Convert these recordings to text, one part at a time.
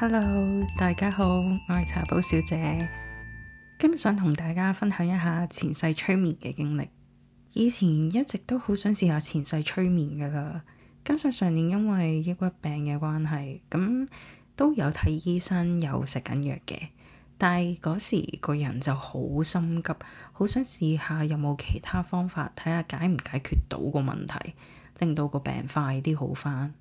Hello，大家好，我係茶寶小姐，今日想同大家分享一下前世催眠嘅經歷。以前一直都好想試下前世催眠㗎喇，加上上年因為抑鬱病嘅關係，咁都有睇醫生，又食緊藥嘅。但係嗰時個人就好心急，好想試下有冇其他方法，睇下解唔解決到個問題，令到個病快啲好返。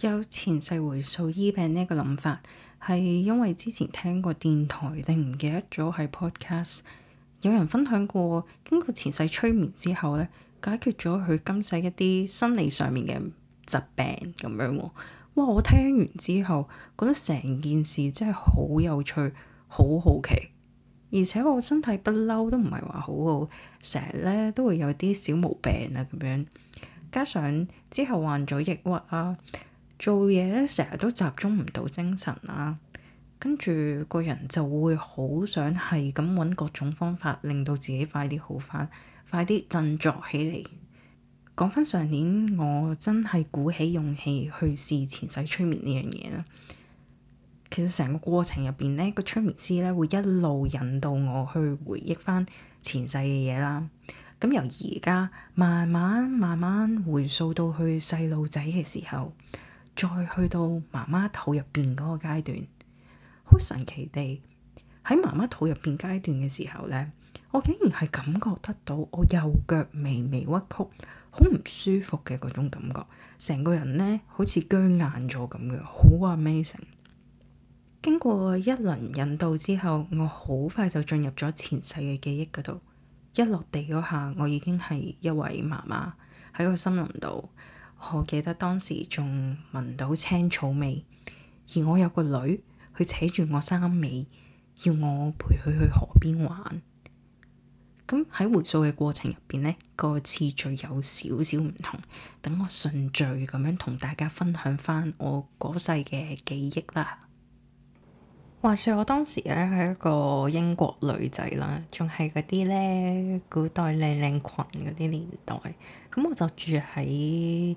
有前世回溯醫病呢個諗法，係因為之前聽過電台定唔記得咗係 Podcast，有人分享過經過前世催眠之後咧，解決咗佢今世一啲生理上面嘅疾病咁樣。哇！我聽完之後覺得成件事真係好有趣，好好奇。而且我身體不嬲都唔係話好好，成日咧都會有啲小毛病啊咁樣。加上之後患咗抑鬱啊～做嘢咧，成日都集中唔到精神啦，跟住個人就會好想係咁揾各種方法，令到自己快啲好翻，快啲振作起嚟。講翻上年，我真係鼓起勇氣去試前世催眠呢樣嘢啦。其實成個過程入邊咧，個催眠師咧會一路引導我去回憶翻前世嘅嘢啦。咁由而家慢慢慢慢回溯到去細路仔嘅時候。再去到媽媽肚入邊嗰個階段，好神奇地喺媽媽肚入邊階段嘅時候咧，我竟然係感覺得到我右腳微微屈曲，好唔舒服嘅嗰種感覺，成個人咧好似僵硬咗咁樣，好 amazing。經過一輪引導之後，我好快就進入咗前世嘅記憶嗰度。一落地嗰下，我已經係一位媽媽喺個森林度。我記得當時仲聞到青草味，而我有個女，佢扯住我衫尾，要我陪佢去河邊玩。咁喺回溯嘅過程入邊，呢個次序有少少唔同，等我順序咁樣同大家分享翻我嗰世嘅記憶啦。話説我當時咧係一個英國女仔啦，仲係嗰啲咧古代靚靚裙嗰啲年代，咁我就住喺一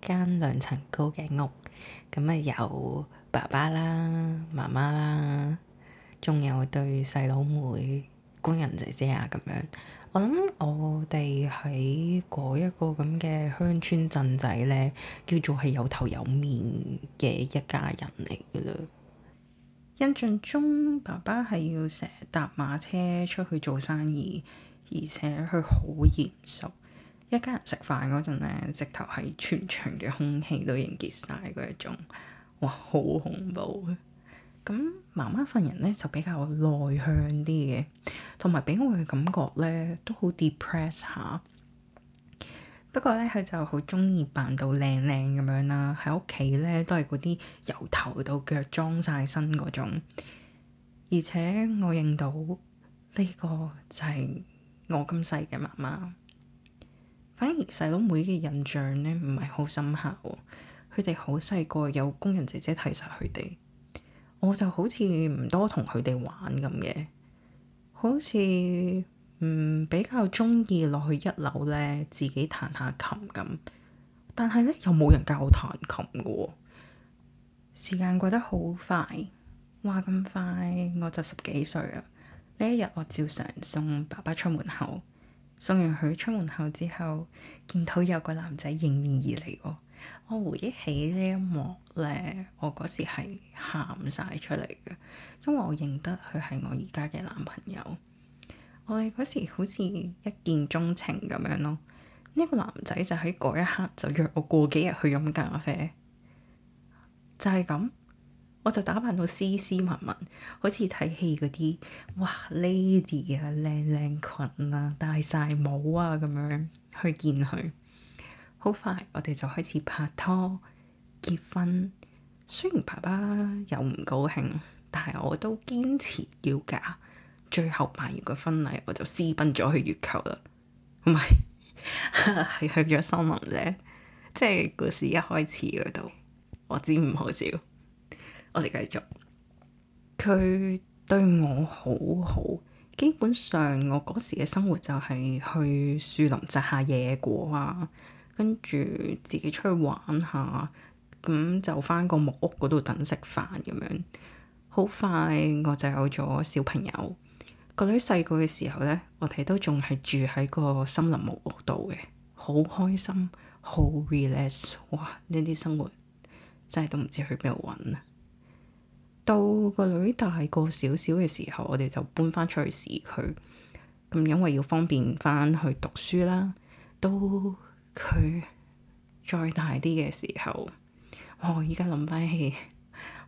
間兩層高嘅屋，咁啊有爸爸啦、媽媽啦，仲有對細佬妹，妹、工人姐姐啊咁樣。我諗我哋喺嗰一個咁嘅鄉村鎮仔咧，叫做係有頭有面嘅一家人嚟㗎啦。印象中爸爸係要成日搭馬車出去做生意，而且佢好嚴肅。一家人食飯嗰陣咧，直頭喺全場嘅空氣都凝結晒。嗰一種，哇，好恐怖嘅。咁媽媽份人咧就比較內向啲嘅，同埋畀我嘅感覺咧都好 depress 下。不過咧，佢就好鍾意扮到靚靚咁樣啦，喺屋企咧都係嗰啲由頭到腳裝晒身嗰種。而且我認到呢個就係我咁細嘅媽媽。反而細佬妹嘅印象咧唔係好深刻喎，佢哋好細個有工人姐姐睇晒佢哋，我就好似唔多同佢哋玩咁嘅，好似。嗯，比較中意落去一樓咧，自己彈下琴咁。但係咧，又冇人教我彈琴嘅。時間過得好快，話咁快我就十幾歲啦。呢一日我照常送爸爸出門口，送完佢出門口之後，見到有個男仔迎面而嚟。我回憶起呢一幕咧，我嗰時係喊晒出嚟嘅，因為我認得佢係我而家嘅男朋友。我哋嗰時好似一見鍾情咁樣咯，呢個男仔就喺嗰一刻就約我過幾日去飲咖啡，就係咁，我就打扮到斯斯文文，好似睇戲嗰啲，哇，Lady 啊，靚靚裙啊，戴晒帽啊，咁樣去見佢。好快，我哋就開始拍拖、結婚。雖然爸爸有唔高興，但係我都堅持要嫁。最後辦完個婚禮，我就私奔咗去月球啦，唔係，係去咗森林啫。即係故事一開始嗰度，我知唔好笑。我哋繼續。佢對我好好，基本上我嗰時嘅生活就係去樹林摘下野果啊，跟住自己出去玩下，咁就返個木屋嗰度等食飯咁樣。好快我就有咗小朋友。個女細個嘅時候咧，我哋都仲係住喺個森林木屋度嘅，好開心，好 relax，哇！呢啲生活真係都唔知去邊度揾啦。到個女大個少少嘅時候，我哋就搬翻出去市區。咁因為要方便翻去讀書啦。到佢再大啲嘅時候，我而家諗翻起，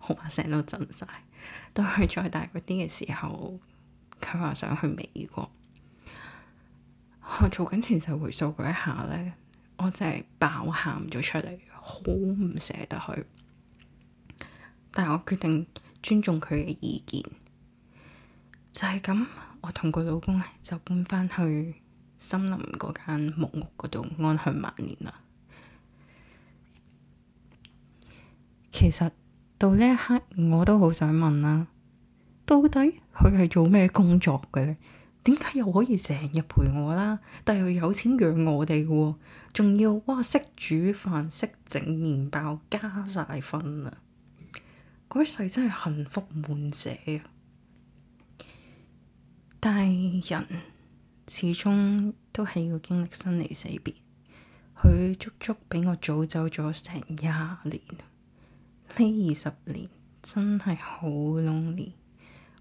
我把聲都震晒。到佢再大個啲嘅時候。佢話想去美國，我做緊前世回溯嗰一下咧，我真係爆喊咗出嚟，好唔捨得佢。但係我決定尊重佢嘅意見，就係咁，我同佢老公咧就搬翻去森林嗰間木屋嗰度安享晚年啦。其實到呢一刻，我都好想問啦。到底佢係做咩工作嘅？點解又可以成日陪我啦？但係佢有錢養我哋嘅。啊，仲要哇識煮飯、識整麵包，加晒分啊！嗰世真係幸福滿瀉啊！但係人始終都係要經歷生離死別，佢足足比我早走咗成廿年，呢二十年真係好 lonely。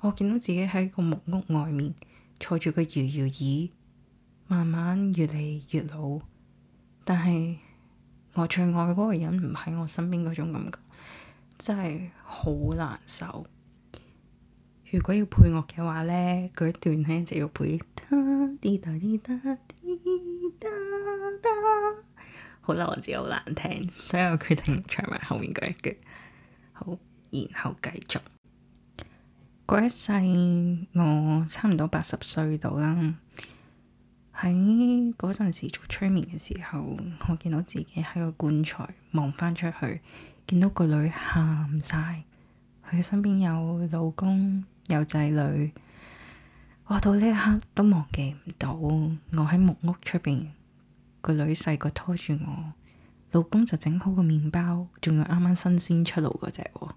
我見到自己喺個木屋外面坐住個搖搖椅，慢慢越嚟越老，但係我最愛嗰個人唔喺我身邊嗰種感覺，真係好難受。如果要配樂嘅話咧，嗰一段咧就要配。噠滴噠滴噠滴噠噠，好啦，我自己好難聽，所以我決定唱埋後面嗰一句，好，然後繼續。嗰一世，我差唔多八十歲到啦。喺嗰陣時做催眠嘅時候，我見到自己喺個棺材望翻出去，見到個女喊晒，佢身邊有老公有仔女。我到呢一刻都忘記唔到，我喺木屋出邊，個女細個拖住我，老公就整好個麵包，仲要啱啱新鮮出爐嗰隻喎，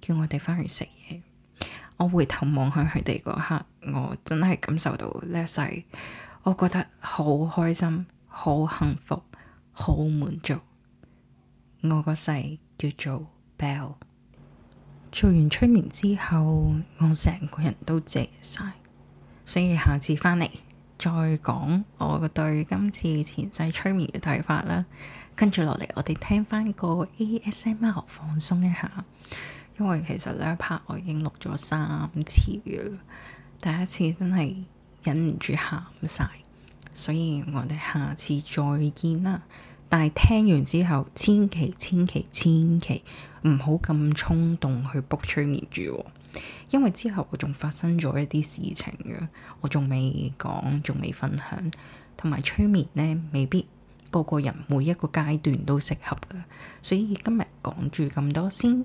叫我哋翻去食嘢。我回頭望向佢哋嗰刻，我真係感受到呢世，我覺得好開心、好幸福、好滿足。我個世叫做 Bell。做完催眠之後，我成個人都靜晒，所以下次返嚟再講我個對今次前世催眠嘅睇法啦。跟住落嚟，我哋聽翻個 ASMR 放鬆一下。因為其實呢一 part 我已經錄咗三次嘅，第一次真係忍唔住喊晒，所以我哋下次再見啦。但係聽完之後，千祈千祈千祈唔好咁衝動去 book 催眠住，因為之後我仲發生咗一啲事情嘅，我仲未講，仲未分享，同埋催眠呢，未必個個人每一個階段都適合㗎，所以今日講住咁多先。